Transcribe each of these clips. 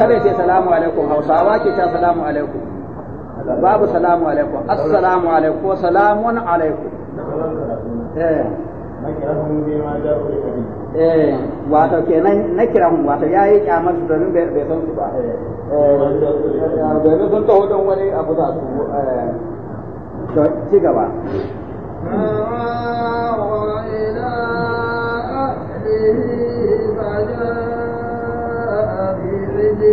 kada ce salamu alaikum hausawa ke ta salamu alaikum babu salamu alaikum assalamu alaikum salamun alaikum eh eh wato kenan na kira mu wato yayi kyamar su domin bai san su ba eh domin sun taho don wani abu za su eh. to ci gaba إلى أهله to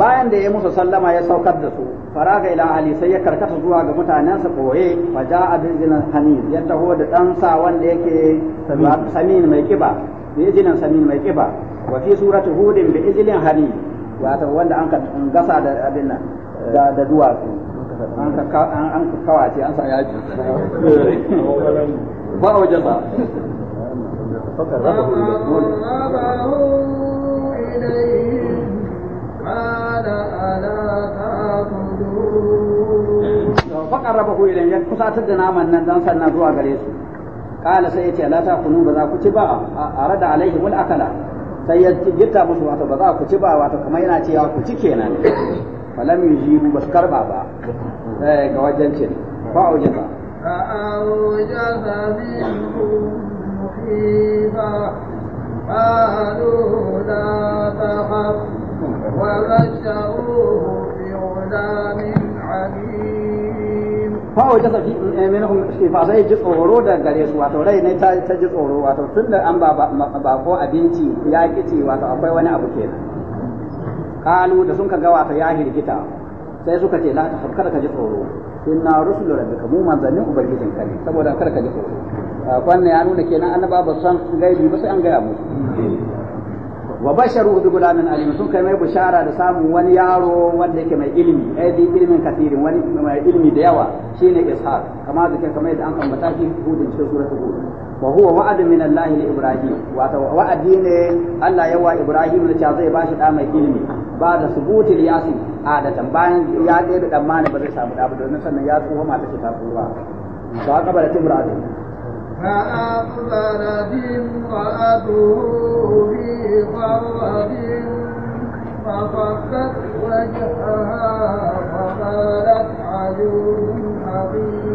bayan da ya musu sallama ya saukar da su faraga ila ali sai ya karkata zuwa ga mutanensa koye fa ja'a bizinan hanin ya taho da dan sa wanda yake samin mai kiba bizinan samin mai kiba wa fi surati hudin bi ijlin hani wato wanda an ka gasa da abin nan da da duwatsu an ka an ka kawace an sa yaji ba wajaba فقربه إليهم قال ألا تأكلون فقربه إليهم كساتد نامن نزان سنة زوا ta قال سيتي لا تأكلون بذا كتبا أرد عليهم الأكلة sai ya gita musu wato ba za ku ci ba wato kuma yana cewa ku ci kenan lam yujibu bas karba ba eh ga wajen ce ba auje ba a auja حسيبا قالوا لا تخف وبشروه بغلام عليم sai ji tsoro da gare su wato rai ne ta ji tsoro wato tun da an ba ko abinci ya kici wato akwai wani abu kenan kalu da sun ka ga wato ya hirgita sai suka ce la ta kada ka ji tsoro inna rusulu rabbika mu manzannin ubangijin ka ne saboda kar ka ji tsoro Kwanne ah, ya nuna kenan annaba ba san gaibi ba sai an gaya musu wa basharu bi gulamin alim sun kai mai bushara da samun wani yaro wanda yake mai ilimi ai eh, bi ilimin kafirin wani mai ilimi da yawa shine ishaq kama da kamar yadda an ambata shi hudun cikin suratul hud wa huwa wa'adun min Allah li Ibrahim wato wa'adi ne Allah yawa Ibrahim da cewa zai bashi da mai ilimi ba da subutul yasin adatan bayan ya dai da dan mani ba zai samu da ba domin sannan ya في غرب فصدت وجهها فقالت عجوز عظيم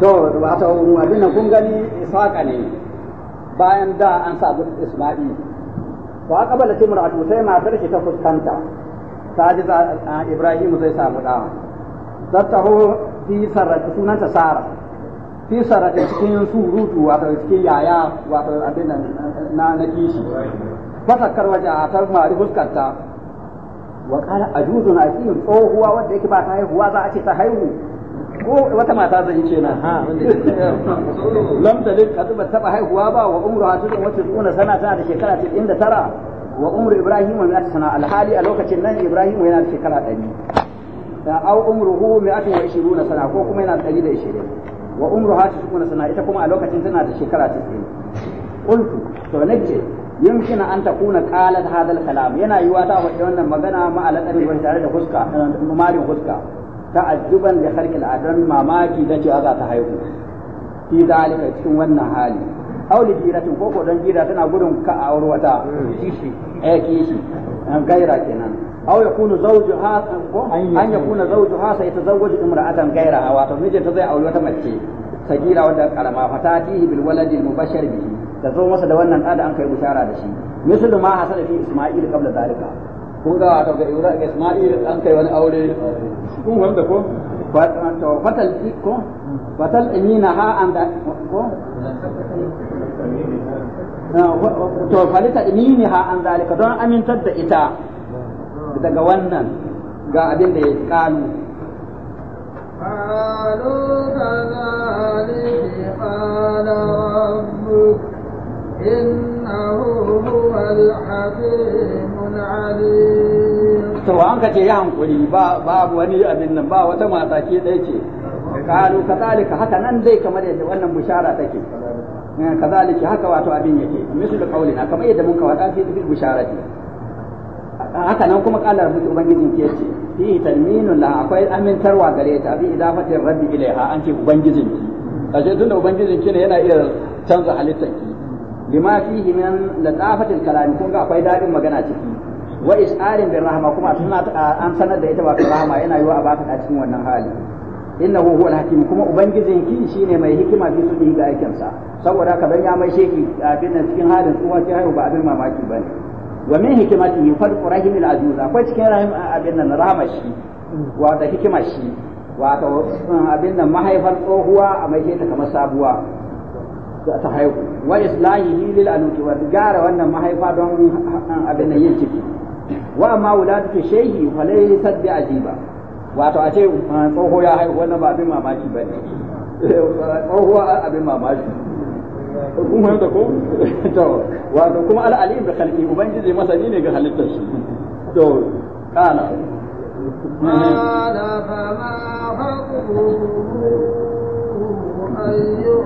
to wato abin nan kun gani isaka ne bayan da an sa isma'i ba a kabala ce timratu sai matar shi ta fuskanta ta ji za a ibrahim zai samu da tattaho fi sarrata ta sara fi sarrata cikin surutu wato cikin yaya wato abin nan na na kishi fasakkar waje a tar mari fuskanta wa qala ajuzun aqim tsohuwa wanda yake ba ta haihuwa za a ce ta haihu ko wata mata zai ce na lam talid ka ba taba haihuwa ba wa umru hatun wata tsuna sana tana da shekara da tara? wa umru ibrahim wa mi'at sana alhali a lokacin nan ibrahim yana da shekara 100 da au umruhu mi'at wa 20 sana ko kuma yana da 120 wa umru hatun tsuna sana ita kuma a lokacin tana da shekara 90 qultu to nace يمكن أن تكون قالت هذا الكلام ينا يواتا وجهنا مغنا ما على تنبيه tare da huska mamarin huska ta'ajjuban li kharqil adam mamaki da cewa za ta haihu fi dalika cikin wannan hali aw li jiratin ko ko don jira tana gudun ka a aure wata kishi eh kishi an gaira kenan aw yakunu zawjuha ko an yakuna zawjuha sai tazawwaju imra'atan gairaha wato mijinta zai aure wata mace sagira wanda karama fatatihi bil waladi mubashir bihi da zo masa da wannan da an kai bushara da shi mislu ma hasala fi isma'il qabla zalika kun ga wato ga Ibrahim Isma'il an kai wani aure kun wanda ko wato fatal ko fatal amina ha an da ko to falita amini ha an zalika don amintar da ita daga wannan ga abin da ya kalu قالوا كذلك قال ربك to an ka ce ya hankuri ba wani abin nan ba wata mata ce dai ce kalu kazalika haka nan dai kamar yadda wannan bushara take eh, kazalika haka wato abin yake misal na kamar yadda mun ka ce fi bushara ce. haka nan kuma kalar mutu ubangijin ke ce fi talminun la akwai amintarwa gare ta bi idafatin rabbi ilaiha an ce ubangijin ki kaje tunda ubangijin ki ne yana iya canza halittar ki bima fihi min latafatil kalam kun ga akwai dadin magana ciki wa is'alin bir rahma kuma tana an sanar da ita ba rahma yana yiwa a baka a cikin wannan hali innahu huwa al-hakim kuma ubangijin ki shine mai hikima fi su ga aikin sa saboda haka dan ya mai sheki abin nan cikin halin tsuwa ce haihu ba abin mamaki bane wa min hikimati farqu rahim al-ajuz akwai cikin rahim abin nan rahmar shi wa da shi wato abin nan mahaifar tsohuwa a mai ta kamar sabuwa ta haihu wa islahihi lil anuki wa gara wannan mahaifa don abin da yin ciki wa amma ke shehi fa laysa bi ajiba wato a ce ah, tsoho ya haihu wannan ba abin mamaki bane tsoho abin mamaki kun fahimta ko to wato kuma al alim bi khalqi ubangiji masani ne ga halittar shi to kana قال فما خطبكم to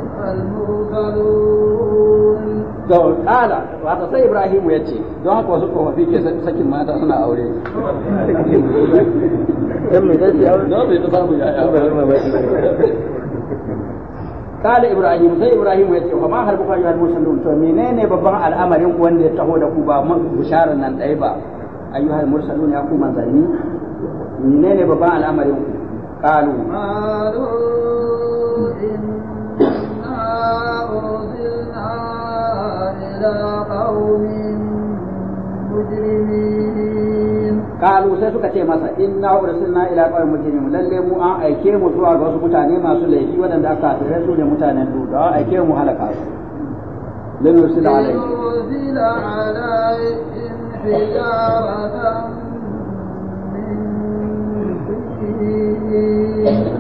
kala sai Ibrahim ya ce don haka wasu tsofaffi ke sakin mata menene babban al'amarin wanda ya taho da ku ba mun nan dai ba mursalun ya ku manzanni menene babban al'amarin ku Ka'an wansi Kalu sai suka ce masa, in na haɓura ila ka yi mutumin mu. Lallai mu an aike mu zuwa ga wasu mutane masu laifi wajen aka kafin hessu da mutanen du, da aike mu halaƙa. Lallai wansi na gida faunin mutumin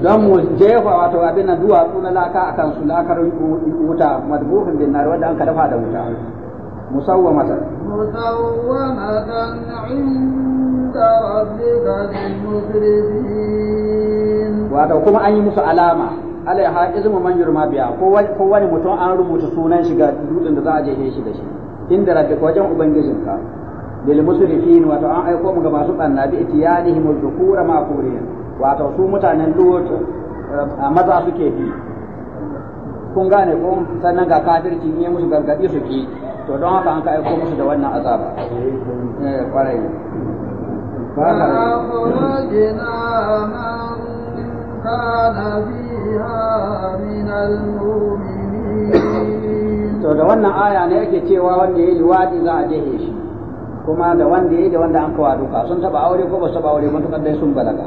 don mu jefa wato abin nan duwatsu na laka a kansu lakar wuta madubuhin bin nar wanda an ka dafa da wuta musawwamatan musawwamatan inda rabbika lil musrifin wato kuma an yi musu alama alaiha mu man yurma biya ko wani mutum an rubuta sunan shiga dutsen da za a jefe shi da shi inda rabbika wajen ubangijinka lil musrifin wato an aiko mu ga masu banna bi itiyanihim al-dhukura ma kuriyan wato su mutanen lut eh, a maza suke bi kun gane ko sannan ga kafirci ne musu gargadi su ki to don haka an ka aiko musu da wannan azaba eh kwarai to da wannan aya ne yake cewa wanda ya yi wadi za a jehe shi kuma da wanda ya yi da wanda an kawa duka sun taba aure ko ba su taba aure matuƙar dai sun balaga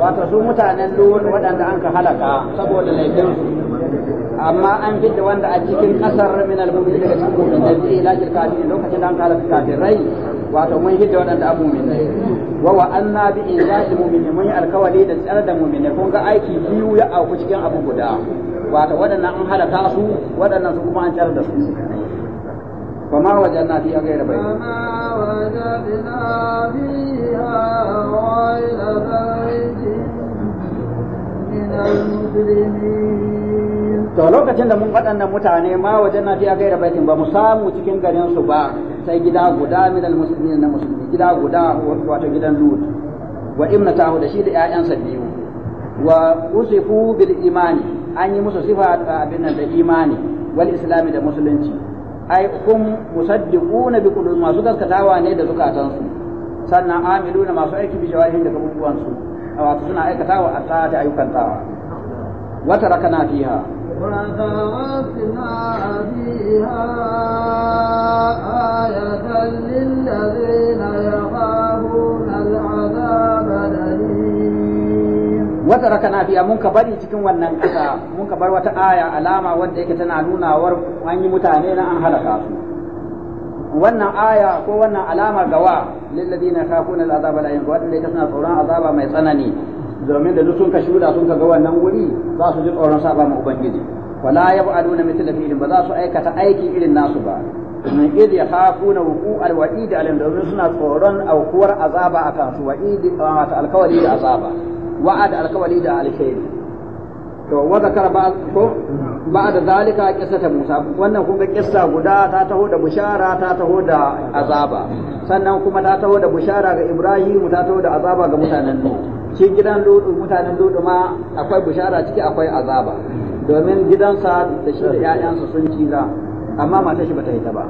wato su mutanen lur waɗanda an ka halaka saboda laifinsu amma an da wanda a cikin ƙasar min al-mu'min daga cikin mu'min da ila kafiri lokacin da an ka halaka rai wato mun hidda waɗanda abu min ne wa wa anna bi inzali mu'minin mun yi alkawali da tsare da mu'minin kun ga aiki biyu ya auku cikin abu guda wato waɗannan an halaka su waɗannan su kuma an tsare da su وما وجدنا فيها غير بيت وما وجدنا فيها غير بيت من المسلمين to lokacin da mun waɗannan mutane ma wajen na fiya gaira baitin ba mu samu cikin garin su ba sai gida guda min almuslimin na musulmi gida guda wato gidan lut wa ibnatahu da shi da ƴaƴansa biyu wa usifu bil imani an yi musu sifa abin da imani wal islami da musulunci ai kun musaddiquna bi qulubi masu gaskatawa ne da zukatansu sannan amiluna masu aiki bi jawarihin da gabubuwan su wato suna aikatawa a ta da ayyukan tawa Wata rakana fiha wa fiha wata rakana biya mun ka bari cikin wannan kasa mun ka bar wata aya alama wanda yake tana nunawar an yi mutane na an halaka su wannan aya ko wannan alama gawa lilladina yakhafuna al'azab la yanzu wanda yake suna tsoron azaba mai tsanani domin da duk sun ka shuda sun ka ga wannan wuri za su ji tsoron saba ma ubangiji wala yab'aluna mithla fi'lin ba za su aikata aiki irin nasu ba min idh yakhafuna wuqu' al-wa'id alayhim domin suna tsoron aukuwar azaba akan su wa'id alkawari da azaba وعد الكوالي da الكيل to wa zakara ba da zalika qissata Musa wannan kun ga guda ta taho da bushara ta taho da azaba sannan kuma ta taho da bushara ga Ibrahim ta taho da azaba ga mutanen shi gidan Lutu mutanen Lutu ma akwai bushara ciki akwai azaba domin gidansa da shi da ƴaƴansa sun ciza amma matar shi bata yi ta ba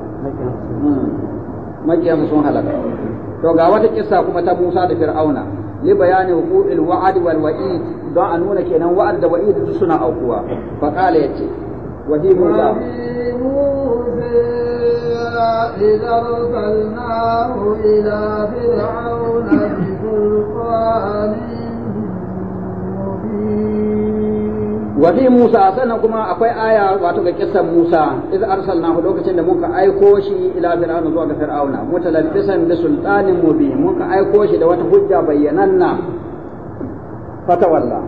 makiyansu sun halaka to ga wata kissa kuma ta Musa da Fir'auna li bayani huquqil wa'd wal wa'id don a nuna kenan wa'ad da wa'id suna aukuwa fa yace wa hi musa إذا أرسلناه إلى فرعون بسلطان مبين wa Musa sannan kuma akwai aya wato ga kissan Musa iz arsalnahu lokacin da muka aiko shi ila fir'auna zuwa ga fir'auna mutalabbisan bi sultanin mubin muka aiko shi da wata hujja bayyananna fatawalla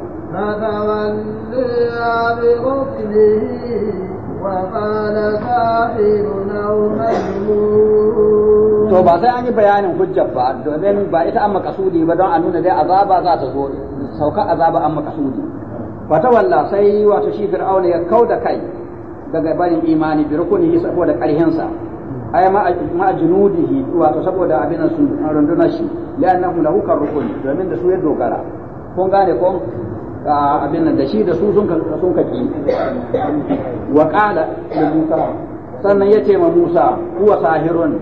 to ba sai an yi bayanin hujjar ba domin ba ita an makasudi ba don a nuna dai azaba za ta zo sauka azaba an makasudi fatawalla sai wato shi fir'auna ya kauda kai daga barin imani bi rukunihi saboda karhinsa ai ma junudihi wato saboda abin sun rundunar shi li'annahu lahu rukuni, domin da su ya dogara kun gane ko abin da shi da su sun sun kaki wa qala li musa sannan yace ma musa huwa sahirun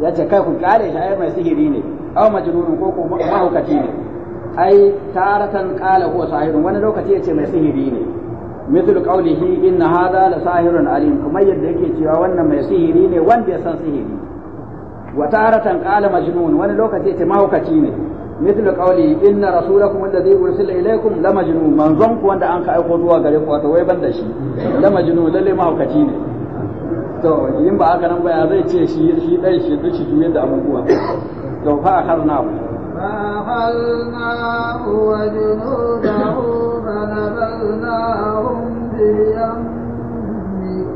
yace kai ku kare shi ai mai sihiri ne aw majnunun ko ko mahaukaci ne ai taratan qala huwa sahirun wani lokaci yace mai sihiri ne mithlu qawlihi inna hadha la sahirun alim kuma yadda yake cewa wannan mai sihiri ne wanda ya san sihiri wa taratan qala majnun wani lokaci yace mahaukaci ne mithlu qawlihi inna rasulakum alladhi ursila ilaykum la majnun manzon ku wanda an ka aiko zuwa gare ku wato wai ban da shi la majnun lalle mahaukaci ne to in ba haka nan ba ya zai ce shi shi dai shi duk shi da abubuwa to fa akarna فأخذناه وجنوده فنبذناهم باليم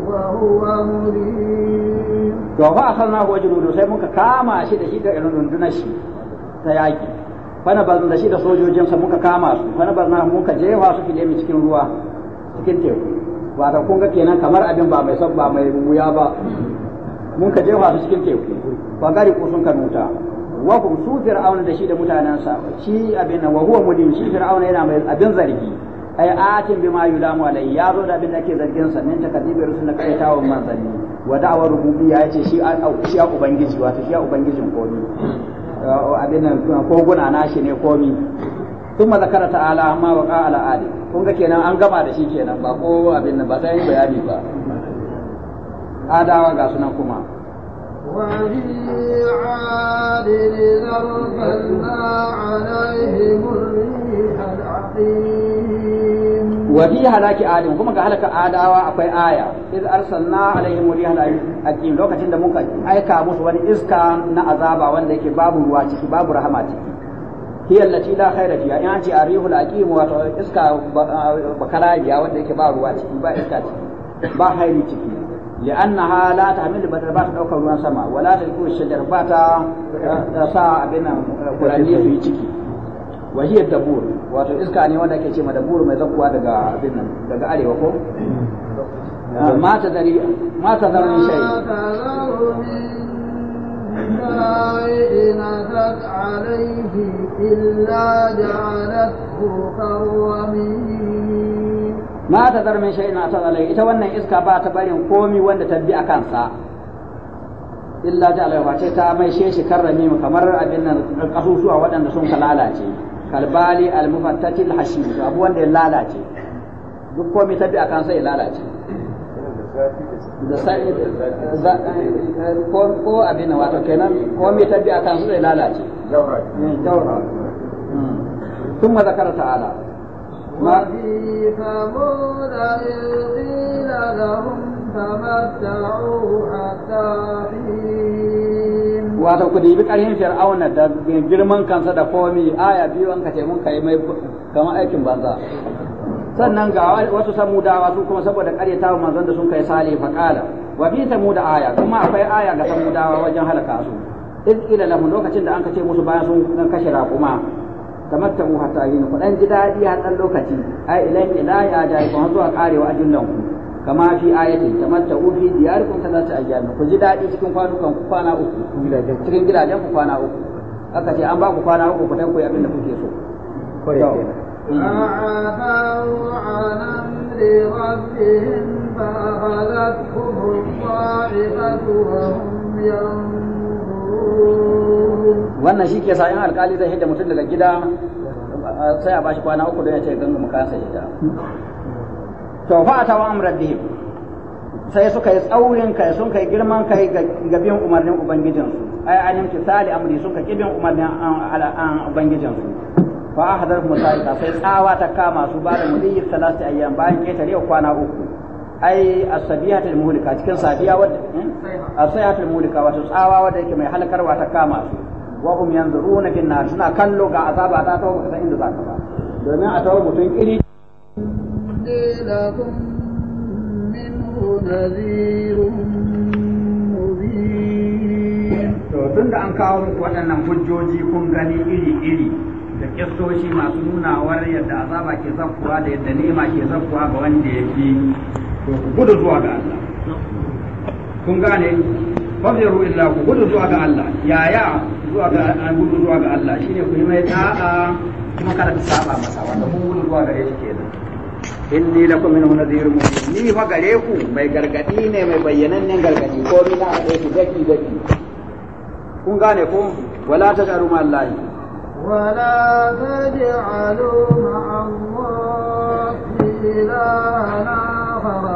وهو مليم فأخذناه وجنوده سيمك كاما شيء شيء رندنا شيء تياجي fana bazin da shi da sojojin sa muka kama su fana bazin muka jefa su fide mi cikin ruwa cikin teku wato kun ga kenan kamar abin ba mai son ba mai wuya ba mun ka jefa su cikin teku ba gari ko sun ka nuta wa hum su fir'auna da shi da mutanansa shi abin nan wa huwa mudin shi fir'auna yana mai abin zargi ai atin bima yulamu alai ya zo da abin da ake zargin sa nan takadibi rusul na kai tawon manzanni wa da'awar rububiyya yace shi an shi ya ubangiji wato shi ya ubangijin komi uh, abin nan koguna nashi ne komi ثم ذكر تعالى ما وقع على آدم kun ga kenan an gama da shi kenan ba ko abin nan ba sai bayani ba adawa ga sunan kuma وفي عاد أرسلنا عليهم الريح العقيم وفي هلاك آدم كما قال لك آداوا أكوي آية إذ أرسلنا عليهم الريح العقيم لو كتن دمك أيكا موسى وني إسكا نعذابا وانك باب رواجك باب رحمتك هي التي لا خير فيها يعني أنت أريه العقيم وإسكا بكراجيا وانك باب رواجك باب إسكا ba hairi ciki لأنها لا تحمل بدربات أو كروان سما ولا تكون الشجر باتا ساعة بين قرانية في تشيكي وهي الدبور wato iska ne wanda ake ce ma daburu mai zakkuwa daga abin nan daga arewa ko ma ta dari ma ta zaru min shay عليه إلا جعلته كرمين Mata ta zar na shay'in alai ita wannan iska ba ta barin komi wanda ta bi a kansa illa ta alai wace ta mai shi karrami mu kamar abin nan kasusuwa waɗanda sun ka lalace kalbali abu wanda ya lalace duk komi ta bi a kansa ya lalace da sai ko abin wato kenan komi ta bi a kansa ya lalace jaura jaura ثم ذكر تعالى وفي قيل لهم تمتعوا حتى wato ku dibi ƙarfin fir'auna da girman kansa da komi aya biyu an kace mun kai mai kamar aikin banza sannan ga wasu samudawa su kuma saboda ƙaryatawa manzon da sun kai sale fa kala wa bi samuda aya kuma akwai aya ga samudawa wajen halaka su iz ila lahum lokacin da an kace musu bayan sun kashe raƙuma mu hatta yin ku dan ji dadi a dan lokaci ai ilan ila ya jai ku a karewa ajullan ku kama fi ayati diyar fi diyarikum ta ajiya ku ji dadi cikin kwanukan ku kwana uku cikin gidajen ku kwana uku aka ce an ba ku kwana uku ku dan koyi abin da kuke so فعتوا عن أمر ربهم فأخذتهم الصاعقة وهم ينظرون wannan shi ke 'yan alkali zai hidda mutum daga gida sai a bashi kwana uku don ya ce ganga mu sai hidda to fa a tawa amurar da sai suka yi tsaurin kai sun kai girman kai ga bin umarnin ubangijinsu ai alim tisali amri sun kai bin umarnin an ubangijinsu fa hadar musaika sai tsawa ta kama su ba da mudiyyar salati ayyan bayan ketare kwana uku ai ta Mulika, cikin safiya wadda ta hmm? Mulika wato tsawa wadda yake mai halakarwa ta kama su wa hum yanzuruna fi nar suna kallo ga azaba ta tawo baka san inda za ka ba domin a tawo mutun iri to tun da an kawo muku waɗannan hujjoji kun gani iri-iri da kistoshi masu nunawar yadda azaba ke zakkuwa da yadda nema ke zakkuwa ga wanda ya fi to ku gudu zuwa ga Allah kun gane fabiru illa ku gudu zuwa ga Allah yaya zuwa ga an gudu zuwa ga Allah shine ku yi mai ta'a kuma kada ku saba masa wanda mun gudu zuwa ga shi kenan inni lakum minhu nadhirun mubin ni fa gare ku mai gargadi ne mai bayyanannen gargadi ko mina na dai ku daki daki kun gane ko wala ta garu ma Allah wala taj'alu ma Allah ilaha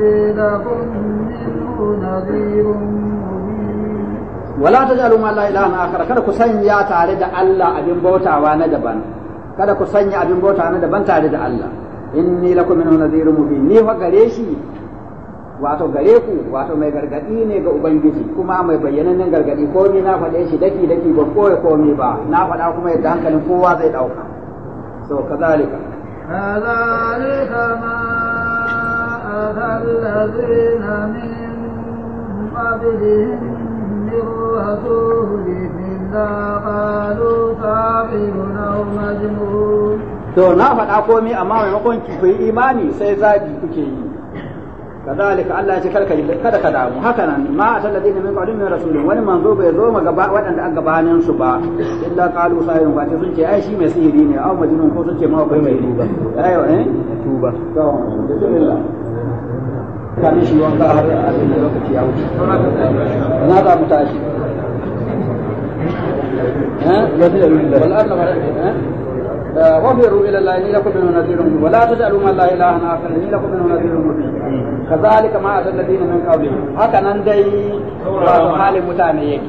يأتي لكم منه نذير مبين ولا تجعلوا ما لا إله آخر كذا كسن يا تعالى الله أبين بوتا وانا دبان kada ku sanya abin bautawa na daban tare da Allah inni lakum minhu nadhirun mubin ni fa gare shi wato gare ku wato mai gargadi ne ga ubangiji kuma mai bayyanannen gargadi ko ni na faɗe shi daki daki ba koya komai ba na faɗa kuma yadda hankalin kowa zai dauka so kazalika kazalika ma الذين من قبلهم من رسول إلا قالوا صاحب أو مجنون to na faɗa komai amma maimakon ki ku yi imani sai zagi kuke yi kadalika Allah ya ce karka kada ka damu haka nan ma atal ne mai faɗi mai rasulin wani manzo bai zo ma gaba waɗanda aka gabanin su ba illa qalu sayyun ba sun ce ai shi mai sihiri ne au majnun ko sun ce ma bai mai riba ayo eh tuba to bismillah كان يشيل وان ظهر أبن الوقت يا أنا هذا متأشر ها؟ والأرض ها؟ وفروا الى الله اني لكم منه نذير مبين ولا تجعلوا مع الله الها اخر اني لكم منه نذير مبين كذلك ما اتى الذين من قبلهم هكا دي بعض حال متاني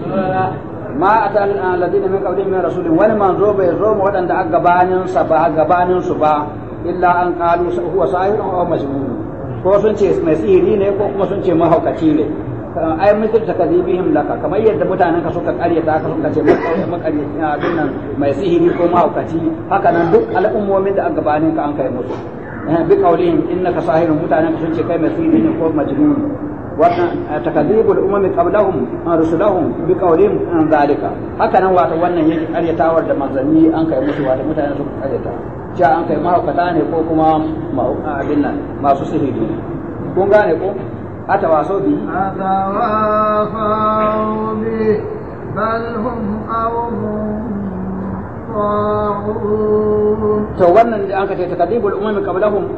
ما اتى الذين من قبلهم من رسول ولما من زو بي زو ودان صبا غبانين صبا الا ان قالوا هو صاحب او مجنون ko sun ce mai sihiri ne ko kuma sun ce mahaukaci ne ai mutum ta bihim laka kamar yadda mutanen ka suka ta ka suka ce makaryaci dinnan mai sihiri ko mahaukaci haka nan duk al'ummomin da an gabanin ka an kai musu eh, bi kaulihim innaka sahirun mutanen ka sun ce kai mai sihiri ne ko majnun wannan eh, takadibul umami qablahum rusulahum bi qawlihim an zalika haka nan wata wannan yake karyatawar da manzanni an kai musu wata mutanen suka karyata cewa an kai mahaukata ne ko kuma abin nan masu sihiri ne kun gane ko ata waso bi waso bi bal hum to wannan da an kace takadibul umami qablahum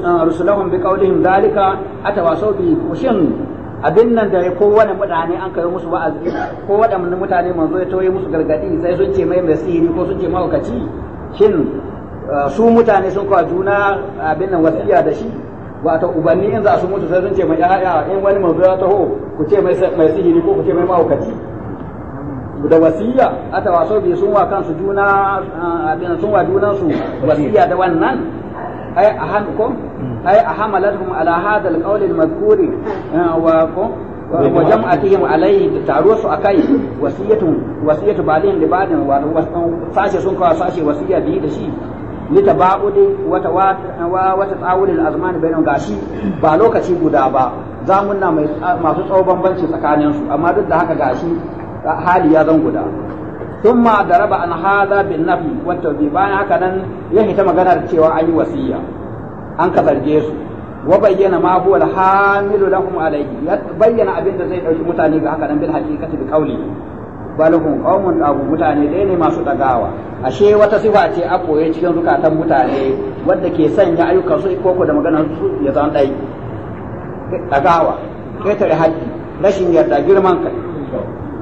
ah, rusulahum bi qawlihim dalika waso bi shin abin nan da ko wani mutane an kai musu wa'azi ko wadannan mutane manzo ya toye musu gargadi sai sun ce mai mai sihiri ko sun ce mahaukaci shin su mutane sun kawo juna abin nan wasiya da shi wato ubanni in za su mutu sai sun ce mai ya'ya in wani mazu ya taho ku ce mai sihiri ko ku ce mai mahaukaci da wasiya ata waso bi sun wa kansu juna abin sun wa junan wasiya da wannan ai a hanko ai a hamalatuhum ala hadha alqawl almadhkuri eh, wa ko wa jam'atihim alayhi da taro su akai wasiyatu wasiyatu ba'din li ba'din wa sashe sun kawo sashe wasiya bi da shi litaba'udi wata wata al azman bainahum gashi ba lokaci guda ba zamunna mai masu tsawon bambanci tsakanin su amma duk da haka gashi hali ya zan guda thumma daraba an hadha bin nafi wa tawbi bayan haka nan ya hita maganar cewa an yi wasiya an ka zarge su wa bayyana ma huwa al-hamilu lahum alayhi bayyana abin da zai dauki mutane ga haka nan bil haqiqati bi qawli balhum qaumun abu mutane dai ne masu dagawa ashe wata sifa ce a koye cikin zukatan mutane wadda ke sanya ayyukan su koko da magana su ya zan dai dagawa kai ketare haƙƙi rashin yarda girman kai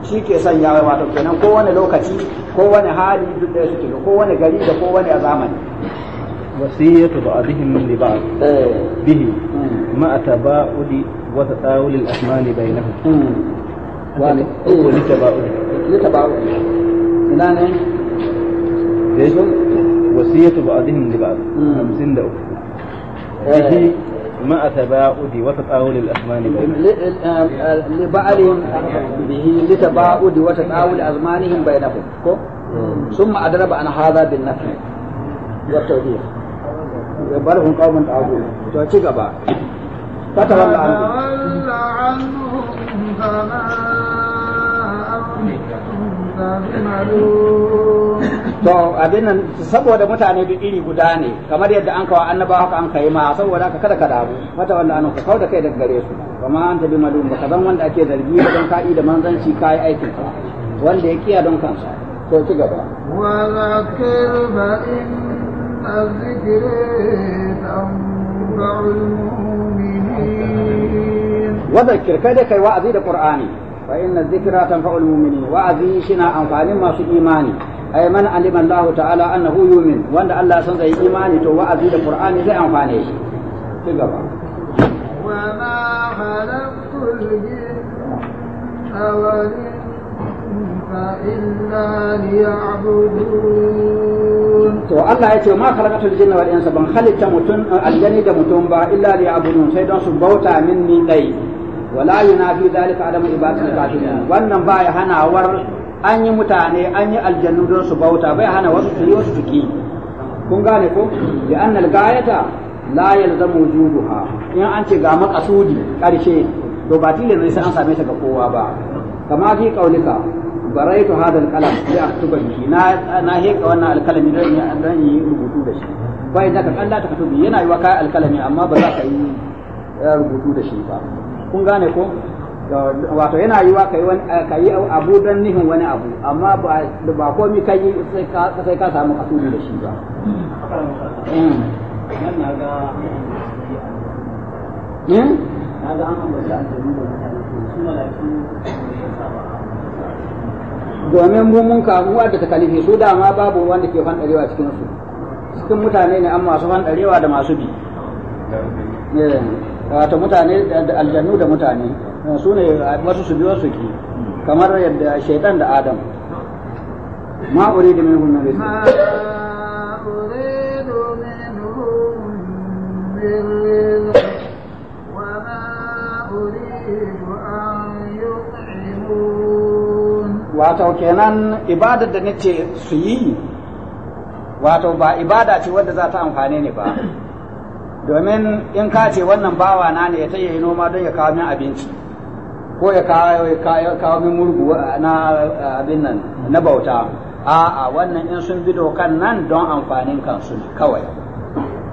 shi ke sanya wa wato kenan kowane lokaci kowane hali duk da ko kowane gari da kowane a zamani وصية بعضهم لبعض به مع تباعد وتطاول الأثمان بينهم ولتباعد لتباوت بناء ايش وصية بعضهم لبعض خمسين دقيقة به آه. مع تباعد وتطاول الأزمان لبعضهم به لتباعد وتطاول أزمانهم بينهم ثم أدرب عن هذا بالنفي والتوبيخ بل هم قوم تعبون فتولى عنهم فتولى عنهم فما to abin nan saboda mutane duk iri guda ne kamar yadda an kawo annaba haka an kai ma saboda haka kada ka damu mata wanda an ka kawo da kai daga gare su kuma an tabi malum ka zan wanda ake zargi ba don ka'i da manzanci kayi aikin ka wanda ya kiya don kansa to ci gaba wa zakir ba in azkiri tanfa'ul mu'minin wa zakir kai da kai wa'azi da qur'ani فإن الذكرى تنفع المؤمنين وعزي شنا أنفعل ما في إيماني أي من علم الله تعالى أنه يؤمن وأن الله سنزع إيماني تو وعزي القرآن لا أنفعله تقبع وما خلقت الجن فإلا ليعبدون to Allah ya ce ma khalaqatul jinna wal insa ban halitta mutun aljani da mutum ba illa liya'budun sai don su bauta min ni dai wala yunafi zalika adam ibadatul kafirin wannan ba baya hanawar an yi mutane an yi aljannu don su bauta bai hana wasu su yi wasu su ki kun gane ko da anna al-gayata la yalzamu wujuduha in an ce ga maqasudi karshe to ba tilin ne sai an same ta ga kowa ba kama fi qaulika baraitu hadha al-qalam bi aktuba bihi na na heka wannan al-kalami don yi don yi rubutu da shi bai da ka kalla ta katubi yana yi wa kai al amma ba za ka yi eh, rubutu da shi ba kun gane ko wato yana wa kai wani kai abu don nihin wani abu amma ba ba komai kai sai ka sai ka samu kasuri da shi ba eh? hmm? domin mu mun kamuwa da takalifi su dama babu wanda ke fanɗarewa cikin su cikin mutane ne an masu fanɗarewa da masu bi eh. wato mutane aljannu da mutane su ne wasu su biyo su ki kamar yadda shaitan da adam ma uri da min rizq ma uridu minhum min rizq wa ma uridu an yut'imun wato kenan ibadar da nace su yi wato ba ibada ce wadda za ta amfane ni ba domin in ka ce wannan bawa na ne ya ta yi noma don ya kawo min abinci ko ya kawo min murgu na abin nan na bauta a'a wannan in sun bi dokan nan don amfanin kansu kawai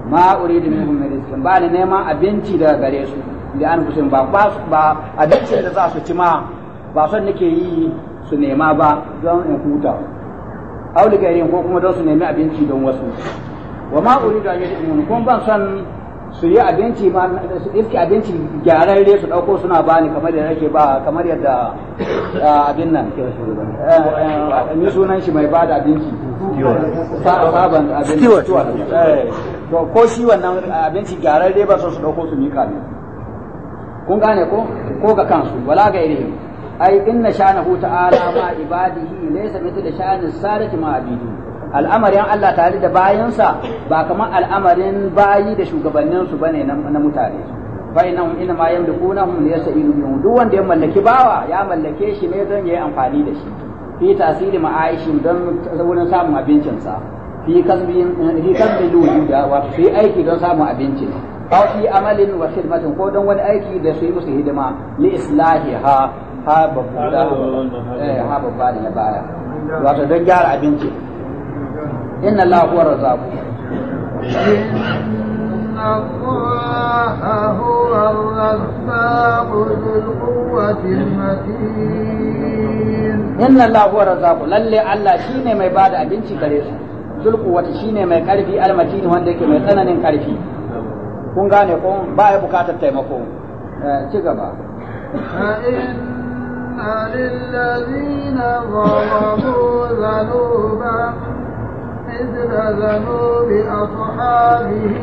ma uridu da mihun rizqin ba ni neman abinci daga gare su da an kusin ba ba abinci da za su ci ma ba son nake yi su nema ba don in huta auli gairin ko kuma don su nemi abinci don wasu wa ma da an yad'un kuma ban son su yi abinci ma su iske abinci gyararre su dauko suna bani kamar yadda ake ba kamar yadda ah, abin nan eh, eh, ni sunan shi mai bada abinci saban abin eh, to ko shi wannan abinci gyararre ba su dauko su mika ne kun gane ko ko ga kansu wala ga irin ai inna sha'anahu ta'ala ma ibadihi laysa mithla sha'anis sarati ma abidihi al'amarin Allah tare da bayansa ba kamar al'amarin bayi da shugabanninsu ba ne na mutane fa innahum inna ma bihum duk wanda ya mallaki bawa ya mallake shi ne don yayi amfani da shi fi tasiri ma'aishin don wurin samun abincin sa fi kasbin fi kasbin aiki don samun abincin aw fi amalin wa khidmatin ko don wani aiki da su yi musu hidima li ha eh, da ha da baya wato don gyara abincin هو الرزاق إن الله هو الرزاق ذو القوة المتين إن الله هو الرزاق للي الله شيني ما يبعد أبنتي قريسا ذو القوة شيني ما يقرفي المتين وانده mai يتنن قرفي kun gane ko ba ya bukatar taimako ci gaba للذين ظلموا ذنوبا مثل ذنوب أصحابهم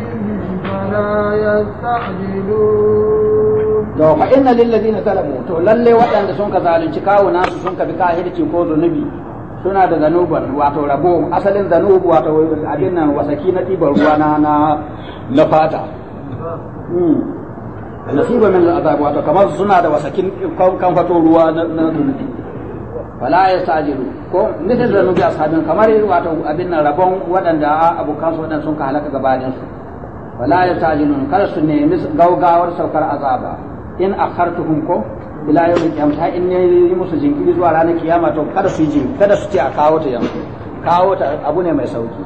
فلا يستعجلون لو فإن للذين ظلموا to lalle wadanda sun ka zalunci kawo nasu sun ka bi kahirci ko zunubi suna da zanuban wato rabo asalin zanubu wato abin nan wasaki na ɗibar ruwa na na fata hmm. nasiba min azab wato kamar suna da wasakin kan fato ruwa na zunubi fala ya sajiru ko misal da nubi ashabin kamar wato abin nan rabon waɗanda abokan su waɗanda sun ka halaka gabanin su fala ya sajilun kada su nemi gaugawar saukar azaba in akhartuhum ko ila yawm da ta in yi musu jinkiri zuwa ranar kiyama to kada su yi kada su ce a kawo ta yanzu kawo ta abu ne mai sauki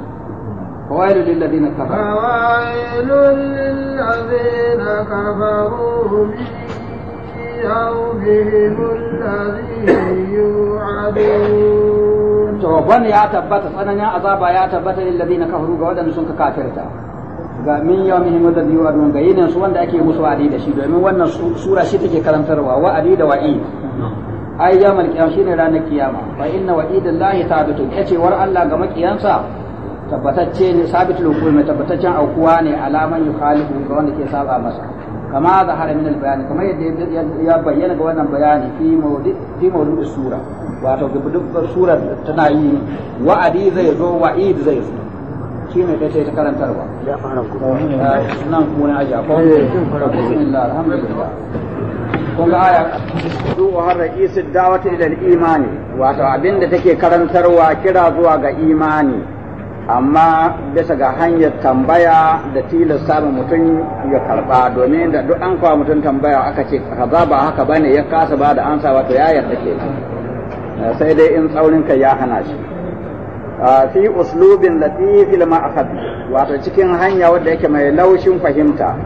فويل للذين كفروا فويل للذين كفروا من بهم الذي يوعدون توبان يا تبت سننا عذاب يا تبت للذين كفروا ga waɗanda sun ka kafirta ga min yawmihim alladhi yu'adun ga yinin su wanda ake musu wa'adi da shi domin wannan sura shi take karantarwa wa'adi da wa'id ai yamal shi ne ranar kiyama fa inna wa'idallahi thabitun yace war Allah ga makiyansa tabbatacce ne sabitul mai tabbataccen aukuwa ne alaman yukhalifu ga wanda ke saba masa kama zahara min al-bayan kama yadda ya bayyana ga wannan bayani fi mawdi fi mawdi sura wato ga duk surar tana yi wa'adi zai zo wa'id zai zo shine da ta karantarwa ya fara ku nan kuma na aja ko bismillah alhamdulillah kun ga har wato abinda take karantarwa kira zuwa ga imani amma bisa ga hanyar tambaya da tilasta ma mutum ya karba domin da duk an kawo mutum tambaya aka ce kaza ba haka ba ne ya kasa ba da ansa wato ya yarda ke eh, sai dai in tsaurin kai ya hana shi ah, fi uslubin a ma'akhad wato cikin hanya wadda yake mai laushin fahimta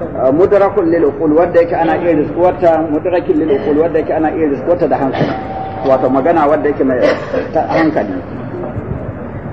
eh, mudurakun lil wadda yake ana iya riskuwarta mudrakul lilukul wadda yake ana iya riskuwata da hankali wato magana wadda yake mai hankali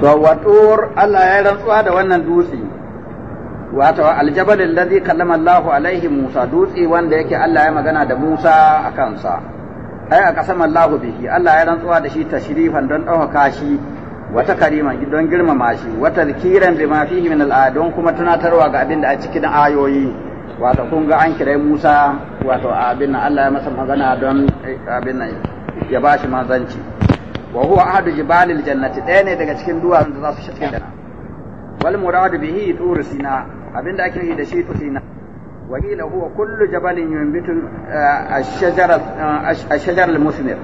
to watur Allah ya rantsuwa da wannan dutse wato aljabal allazi kallama Allah alaihi Musa dutse wanda yake Allah ya magana da Musa a kansa ai a kasam Allah bihi Allah ya rantsuwa da shi tashrifan don ɗaukaka shi wata kariman don girmama shi wata zikiran bima fihi min al'adun kuma tunatarwa ga abin da a cikin ayoyi wato kun ga an kira Musa wato abin Allah ya masa magana don eh, abin nan ya bashi manzanci wa huwa ahadu jibalil jannati ɗaya ne daga cikin duwatsun da za su cikin dana wal muradu bihi turu sina abinda ake yi da shi turu sina wa qila huwa kullu jabalin yunbitu ash-shajara eh, ash-shajar eh, al-musnir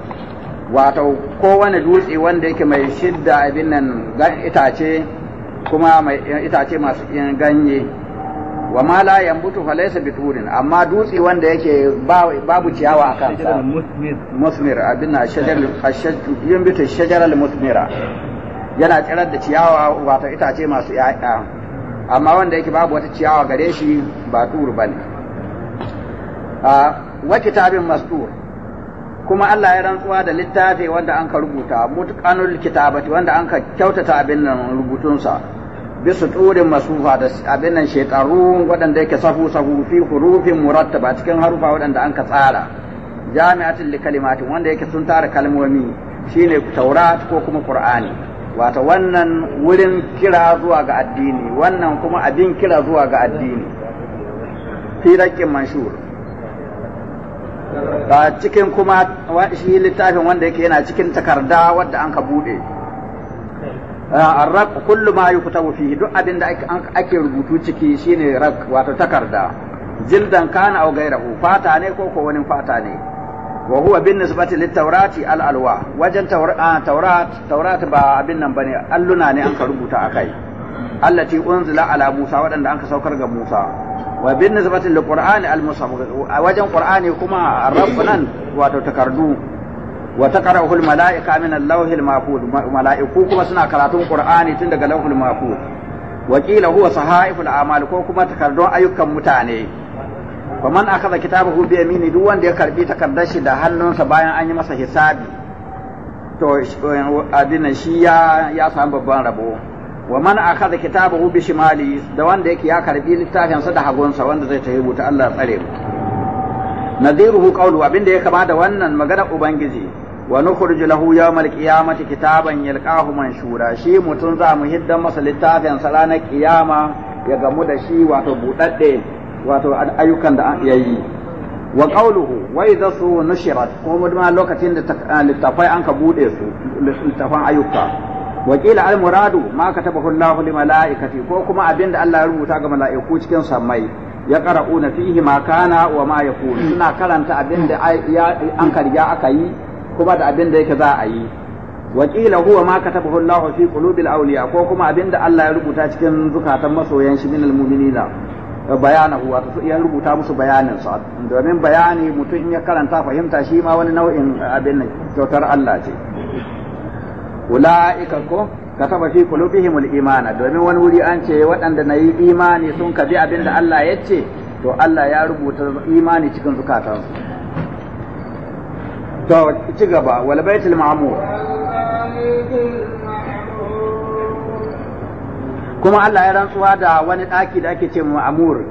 wato kowane dutse wanda yake mai shidda abin nan itace kuma mai eh, itace masu ganye wa ma la yambutu fa laysa biturin amma dutse wanda yake babu ciyawa a kan sa musmir abin na shajar shajar al musmira yana tsirar da ciyawa wato itace masu ya'ya amma wanda yake babu wata ciyawa gare shi ba tur bane wa kitabin mastur kuma Allah ya rantsuwa da littafi wanda an ka rubuta mutqanul kitabati wanda an ka kyautata abin nan rubutunsa bisu turin masu da abin nan shekaru waɗanda yake sahu sahu fi hurufin murattaba cikin harufa waɗanda an ka tsara jami'atin li kalimatin wanda yake sun tara kalmomi shine taurat ko kuma qur'ani wato wannan wurin kira zuwa ga addini wannan kuma abin kira zuwa ga addini fi raƙin manshur cikin kuma shi littafin wanda yake yana cikin takarda wadda an ka buɗe Ah, arraq kullu ma yuktabu fihi duk abin da ake rubutu ciki shine rak wato takarda jildan kana aw gairahu fata ne ko ko fata ne wa huwa bin nisbati lit tawrati al alwa wajen tawrat ah, ba abin nan bane alluna ne an ka rubuta akai allati unzila ala musa wadanda an ka saukar ga musa wa bin nisbati lil qur'ani al mushaf wajen qur'ani kuma arraq nan wato takardu wa taqra'u al mala'ika min al-lawh al-mahfuz mala'iku kuma suna karatun qur'ani tun daga lawhul mahfuz wa qila huwa sahaiful a'mal ko kuma takardun ayyukan mutane fa man akhadha kitabahu bi yamini duk wanda ya karbi takardar shi da hannunsa bayan an yi masa hisabi to adinan shi ya sami babban rabo wa man akhadha kitabahu bi shimali da wanda yake ya karbi littafinsa da hagunsa wanda zai ta rubuta Allah tsare mu nadiruhu qawlu abinda ya kama da wannan magana ubangiji wa nukhrij lahu yawmal qiyamati kitaban yalqahu manshura shi mutun za mu hidda masa littafin ranar kiyama ya gamu da shi wato budadde wato ayyukan da yi. wa qawluhu wa idha su nushirat kuma ma lokacin da littafai an ka bude su littafan ayyuka wa qila al muradu ma katabahu Allahu li malaikati ko kuma abinda Allah ya rubuta ga mala'iku cikin sammai ya qara'una fihi ma kana wa ma yakunu suna karanta abinda an karya aka yi kuma da abin da yake za a yi wakila huwa ma katabahu Allah fi qulubil awliya ko kuma abin da Allah ya rubuta cikin zukatan masoyan shi minal mu'minina huwa to ya rubuta musu bayanin sa domin bayani mutum in ya karanta fahimta shi ma wani nau'in abin nan kyautar Allah ce ulaika ko kataba fi qulubihim al-imana domin wani wuri an ce waɗanda na yi imani sun bi abin da Allah ya ce to Allah ya rubuta imani cikin zukatansu to ci gaba wal baitul ma'mur kuma Allah ya rantsuwa da wani daki da ake ce ma'mur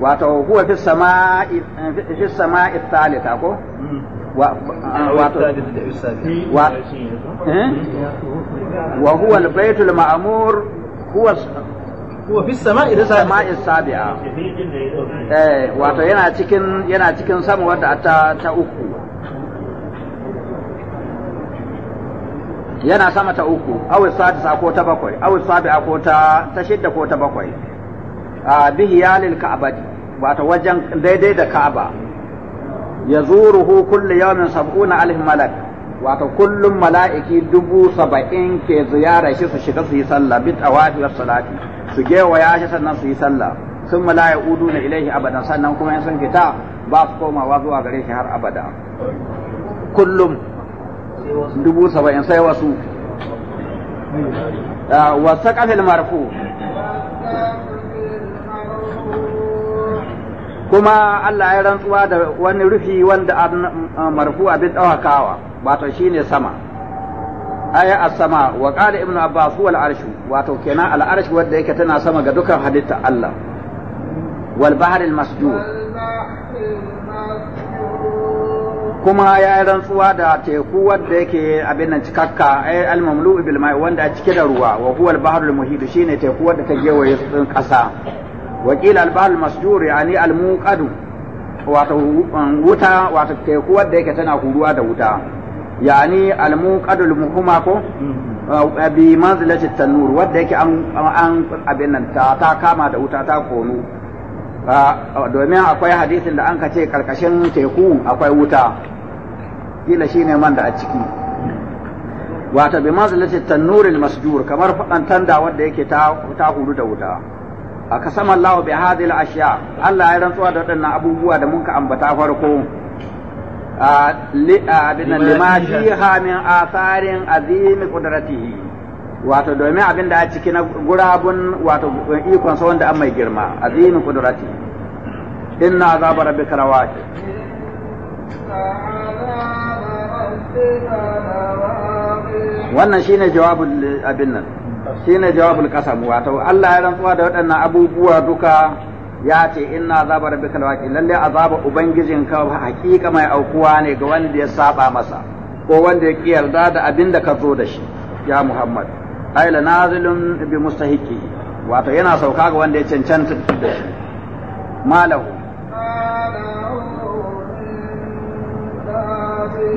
wato huwa fi sama'i fi sama'i thalitha ko wato wa eh? huwa al-baytul ma'mur huwa huwa fi sama'i da sama'i sabi'a eh wato yana cikin yana cikin sama wadda ta ta uku yana sama ta uku awi sa ko ta bakwai awi a ko ta ta shidda ko ta bakwai a bihiyalil ka'abati wato wajen daidai da ka'aba Ya yazuruhu kullu yawmin sab'una alif malak wato kullum mala'iki dubu saba'in ke ziyara shi su shiga su yi sallah bi tawafi was salati su gewaya shi sannan su yi sallah sun mala'i udu na ilaihi abadan sannan kuma sun fita ba su komawa zuwa gare shi har abada kullum dubu saba'in sai wasu ah, wasu kafin marfu kuma Allah ya rantsuwa da wani rufi wanda an ah, marfu abin ɗaukakawa wato shine sama aya a sama wa qala ibnu abbas wal arshu wato kenan al arsh wanda yake tana sama ga dukan halitta Allah wal bahril masjud kuma ya yi rantsuwa da teku wadda yake abin nan cikakka ai al-mamlu bil mai wanda a cike da ruwa wa huwa al-bahrul muhid shine teku wadda ta gewaye tsin kasa wa qila al-bahrul masjur yani al-muqadu wato um, wuta wato teku wadda yake tana huruwa da wuta yani al-muqadul muhuma ko mm-hmm. uh, bi manzilati tanur wadda yake an an abin nan ta ta kama da wuta ta konu uh, domin akwai hadisin da an ka ce karkashin teku akwai wuta kila shine man da a ciki wato bi manzilati tanuril masjur kamar fadan tanda wanda yake ta ta huru da wuta a kasama Allah bi hadhihi al-ashya Allah ya rantsuwa da waɗannan abubuwa da muka ambata farko abin lima fiha min atharin azim qudratihi wato domin abin da a ciki na gurabun wato ikon sa wanda an mai girma azim qudrati inna azaba rabbika rawati wannan shine jawabin abin nan shine jawabin qasam wato Allah ya rantsuwa da waɗannan abubuwa duka ya ce inna azaba rabbikal waqi lalle azaba ubangijinka haƙiƙa mai aukuwa ne ga wanda ya saba masa ko wanda ya yarda da abin da ka zo da shi ya Muhammad ay la nazilun bi mustahiqi wato yana sauka ga wanda ya cancanta da shi malahu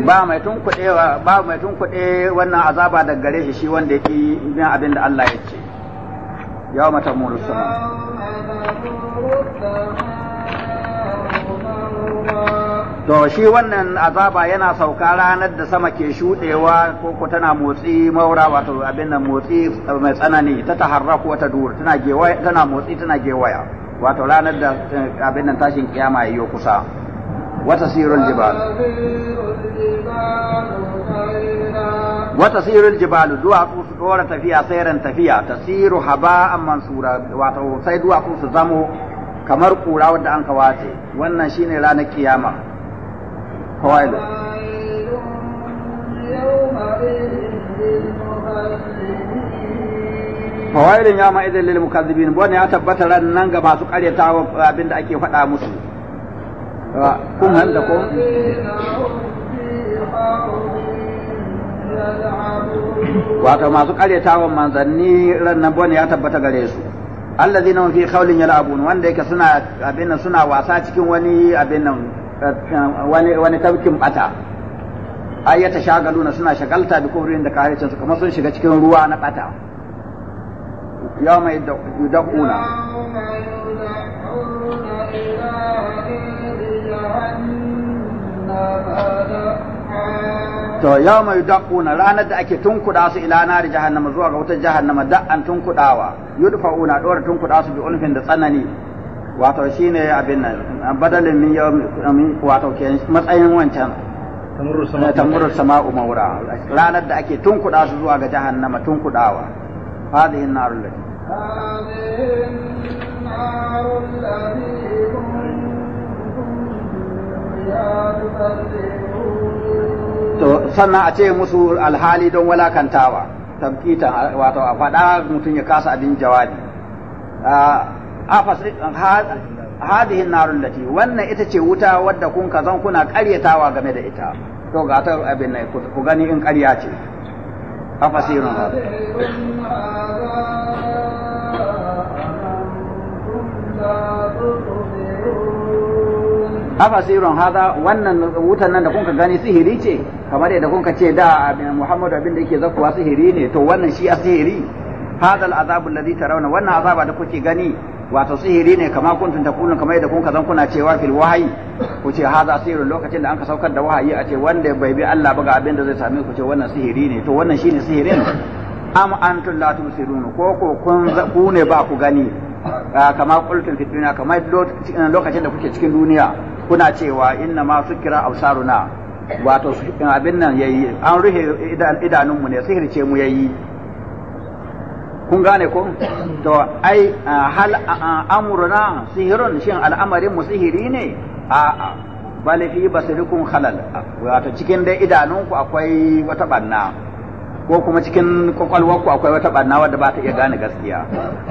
ba mai tunkuɗewa ba mai tunkuɗe wannan azaba daga gare shi shi wanda yake bin abin da Allah ya ce yawa mata mulu sama to shi wannan azaba yana sauka ranar da sama ke shuɗewa ko ko tana motsi maura wato abin da motsi mai tsanani ta taharraku wata dur tana gewaya tana motsi tana gewaya wato ranar da eh, abin nan tashin kiyama yayi kusa وتسير الجبال وتسير الجبال دوا تورا تفيا سيرا تفيا تسير هباء منصورا واتو سيد واتو سزامو kamar kura wadda an kawace wannan shine ranar kiyama kawai fawailin ya ma'izin lil mukazzibin bone ya tabbata ran nan ga masu karyatawa abinda ake faɗa musu kun wato masu karyatawan manzanni ran nan bane ya tabbata gare su allazina fi qawlin yal'abun wanda yake suna abin suna wasa cikin wani abin nan wani wani tabkin bata ayyata shagaluna suna shagalta da kufrin da kahircin su kamar sun shiga cikin ruwa na bata yawma yawma to ya mai daƙuna ranar da ake tunkuɗa su ila da jahannama zuwa ga wutar jahannama da an tunkuɗawa una ɗora tunkuɗa su bi ulfin da tsanani wato shine abin nan badalin min yau wato ke matsayin wancan tamurur eh, sama'u maura ranar da ake tunkuɗa su zuwa ga jahannama tunkuɗawa hadhihi an-nar to sannan a ce musu alhali don walakantawa tamkita wato a faɗa mutum ya kasa abin jawabi A hadihi narun lati wannan ita ce wuta wadda kun ka zan kuna ƙaryatawa game da ita to ga ta abin nan ku gani in ƙarya ce a fasirin. afa sirron haza wannan wutan nan da kuka gani sihiri ce kamar yadda kun ce da Muhammadu abin da yake zakuwa sihiri ne to wannan shi asihiri hadha al'azab alladhi tarawna wannan azaba da kuke gani wato sihiri ne kama kuntum takunu kamar yadda kun zan kuna cewa fil wahayi ku ce hadha sihirun lokacin da an ka saukar da wahayi a ce wanda bai bi Allah ba ga abin da zai same ku ce wannan sihiri ne to wannan shine sihirin am antum la tusirun ko ko kun ku ne ba ku gani kama qultum fi dunya eh, lokacin da kuke cikin duniya kuna cewa inna ma sukira absaruna wato eh, abin nan yayi an ruhe idanunmu ne ce mu yayi kun gane ko to ai eh, hal amruna sihirun shin al'amarin mu sihiri ne a bal fi basirikum khalal wato cikin dai idanunku akwai wata banna ko kuma cikin kwakwalwarku akwai wata barna wadda ba ta iya gane gaskiya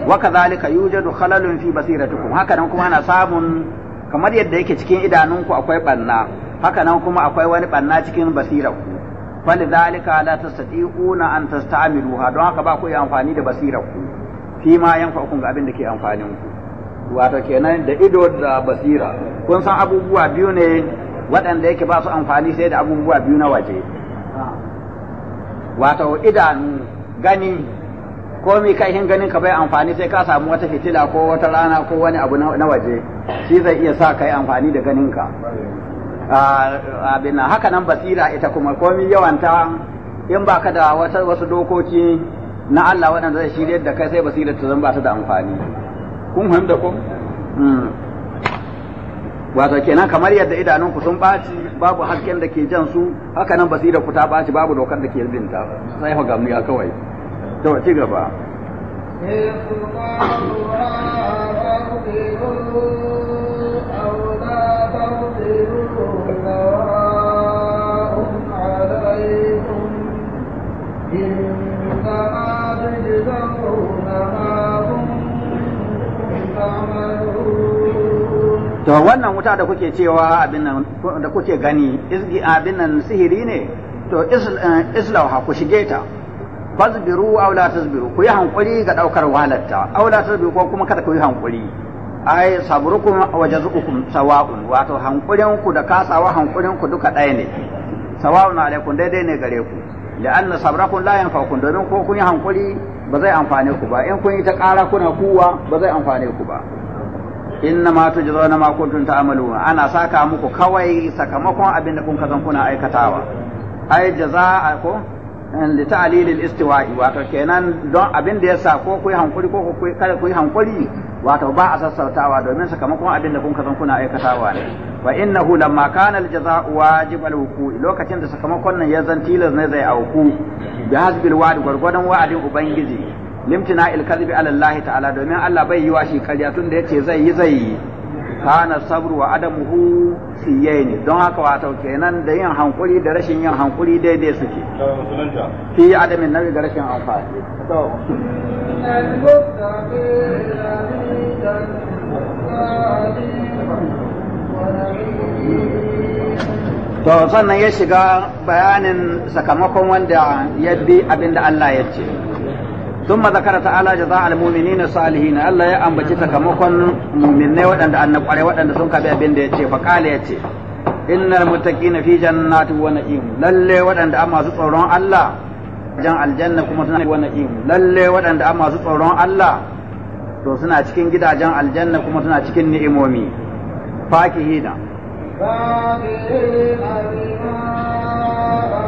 wa kadhalika yujadu khalalun fi basiratikum haka nan kuma ana samun kamar yadda yake cikin idanunku akwai barna haka nan kuma akwai wani barna cikin basirarku falidhalika la tastati'una an tasta'miluha don haka ba ku yi amfani da basiraku. fi ma yanfa'ukum ga abin da ke amfanin ku wato kenan da ido da basira kun san abubuwa biyu ne waɗanda yake ba su amfani sai da abubuwa biyu na waje wato idanu gani ko mi kaihin ganin ka bai amfani sai ka samu wata fitila ko wata rana ko wani abu na waje shi zai iya sa kai amfani da ganin ka abin haka nan basira ita kuma komi yawanta in ba ka da wasu dokoki na Allah waɗanda zai shirya da kai sai basira ta zan ba ta da amfani kun fahimta ko hmm. wato kenan kamar yadda idanun ku sun ɓaci babu hasken da ke jan su haka nan basira ku ta ɓaci babu dokar da ke binta sai ga gamu ya kawai to ci gaba أو to wannan wuta da kuke cewa abin nan da kuke gani izgi abin nan sihiri ne to eh, islauha ku shige ta fazbiru aw la tasbiru ku yi hankuri ga daukar walatta aw la tasbiru ko kuma kada ku yi hankuri ai sabrukum wa jazukum sawa'un wato hankurin ku da kasawa hankurin ku duka ɗaya ne sawa'un alaikum daidai ne gare ku la'anna sabrakum la yanfa'ukum domin ko kun yi hankuri ba zai amfane ku ba in kun yi ta ƙara kuna kuwa ba zai amfane ku ba inna ma tujzawna ma kuntum ta'maluna ana saka muku kawai sakamakon abin da kun kazan kuna aikatawa ai jaza'a ko eh, li ta'lil al-istiwa'i wato kenan don abin da yasa ko kuyi hankuri ko kuyi kare kuyi hankuri wato ba a sassautawa domin sakamakon abin da kun kazan kuna aikatawa ne wa innahu lamma kana al-jaza'u wajib al-wuqu lokacin da sakamakon nan ya zan tilas ne zai auku bi hasbil wa'd gurgudan wa'adin ubangiji limtina il kadhibi ala Allah ta'ala domin Allah bai yi wa shi ƙarya tun da yace zai yi zai yi kana sabru wa adamuhu siyaini don haka wato kenan da yin hankuri da rashin yin hankuri daidai suke fi adamin nabi da rashin amfani to to sannan ya shiga bayanin sakamakon wanda ya bi abin da Allah ya ce ثم ذكر تعالى جزاء المؤمنين الصالحين الله يا ان أنبتي تكمكن مؤمنين ودان ان قري ودان كبي ابين ده يتي فقال يتي ان المتقين في جنات ونعيم للي وأن أما سطرون الله جن الجنه كما suna ونعيم na'im ودان waɗanda an masu الله تو سنا cikin gidajen aljanna kuma suna cikin ni'imomi fakihina fakihina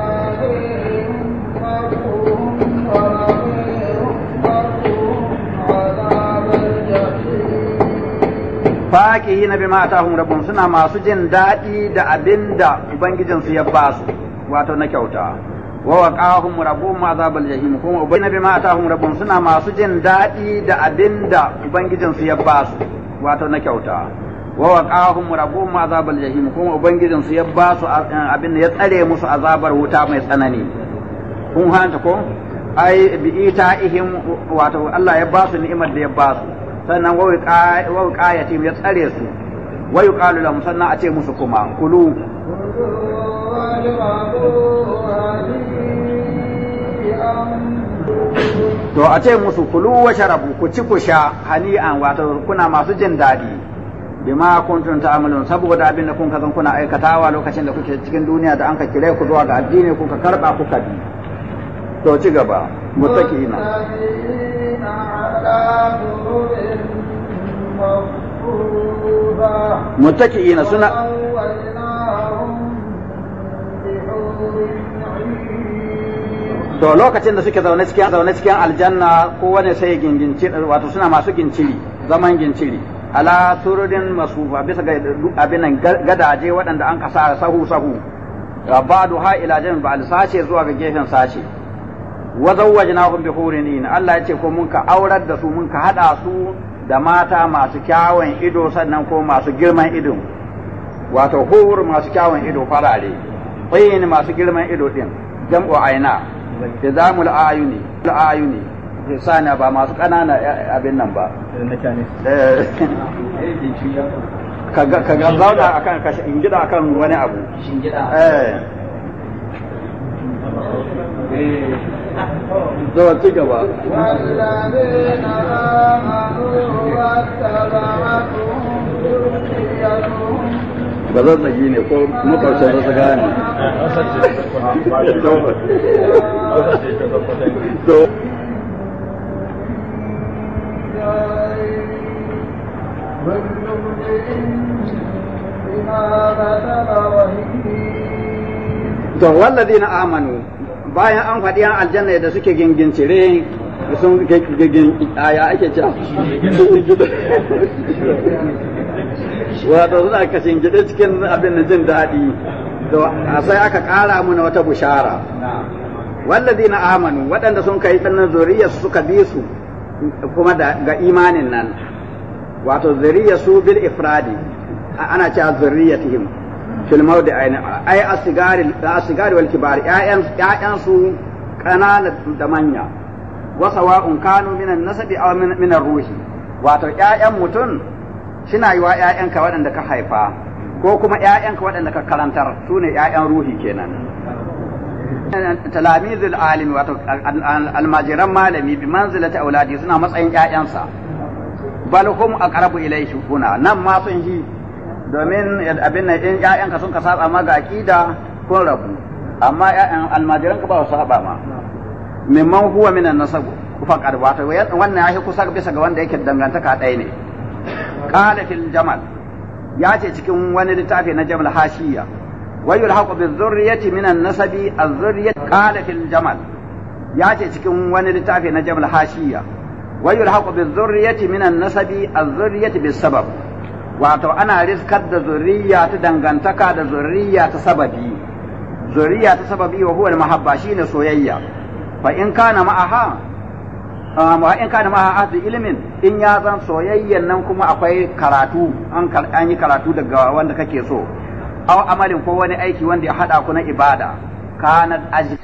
yi na bi mata hun rabbuhum suna masu jin daɗi da abinda ubangijinsu ya ba su wato na kyauta wa waqahum rabbuhum azabal jahim kuma ubangijin bima hun rabbuhum suna masu jin daɗi da abinda ubangijinsu ya ba su wato na kyauta wa waqahum rabbuhum azabal jahim kuma ubangijinsu ya ba su eh, abin ya tsare musu azabar wuta mai tsanani kun hanta ko ai bi ita ihim wato Allah ya ba su ni'imar da ya ba su sannan wa wiqayatim ya tsare su wayu yuqalu lahum sannan a ce musu kuma kulu to a ce musu kulu wa sharabu ku ci ku sha hani'an wato kuna masu jin daɗi bima kuntum ta'malun saboda abin da kun kazan kuna aikatawa lokacin da kuke cikin duniya da an ka kire ku zuwa ga addini kuka karba kuka bi to ci gaba متكئين متكئين سنة to lokacin da suke zaune cikin zaune cikin aljanna kowane sai gingince wato suna masu ginciri zaman ginciri ala sururin masufa bisa ga nan gadaje waɗanda an kasa sahu sahu ba'du ha ila jami'a ba al sashe zuwa ga gefen sashe wa zawwajnahum bi hurin Allah ya ce ko mun ka aurar da su mun ka hada su da mata masu kyawun ido sannan ko masu girman ido wato hur masu kyawun ido farare tsayin masu girman ido din jam'u aina tizamul ayuni ayuni sani ba masu kanana abin nan ba eh, ka ga zauna akan ka shingida akan wani abu shingida eh, eh. to ci gaba ba zan zagi ne ko makwabcin zasu gane to bayan an faɗi an aljanna da suke gingincire sun gingin aya ake cewa wato suna kashin gida cikin abin da jin daɗi da sai aka ƙara mana wata bushara wallazi na amanu waɗanda sun kai ɗannan zuriyar suka bi su kuma ga imanin nan wato zuriyar su bil ifradi ana cewa zuriyatihim fil mawdi ay asigari asigari wal kibar ya'yan ya'yan su kanana da manya wa sawa'un kanu minan nasabi aw min ruhi wato ya'yan mutun suna yi wa waɗanda ka haifa ko kuma ya'yanka waɗanda ka karantar su ne ya'yan ruhi kenan talamizul alimi wato almajiran malami bi manzilati auladi suna matsayin ya'yansa bal hum aqrabu ilayhi kuna nan ma sun yi domin abin nan in ƴaƴanka sun ka saba ma ga aqida kun rabu amma ƴaƴan almajiran ka ba su saba ma mimman huwa minan nasab faqad wato wannan yahi kusa bisa ga wanda yake dangantaka ɗaya ne qala fil jamal ya ce cikin wani littafi na jamal hashiya wayul haqu bi dhurriyyati minan nasabi az-zurriyyat qala fil jamal ya ce cikin wani littafi na jamal hashiya wayul haqu bi dhurriyyati minan nasabi az-zurriyyati bis sabab wato ana riskar da zuriya ta dangantaka da zuriya ta sababi zuriya ta sababi wa huwa mahabba shine soyayya fa in kana ma'aha amma ah, in kana ma'aha ahli ilmin in ya zan soyayyan nan kuma akwai karatu an an yi karatu daga wanda kake so aw amalin ko wani aiki wanda ya hada ku na ibada kana ajli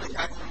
Thank you.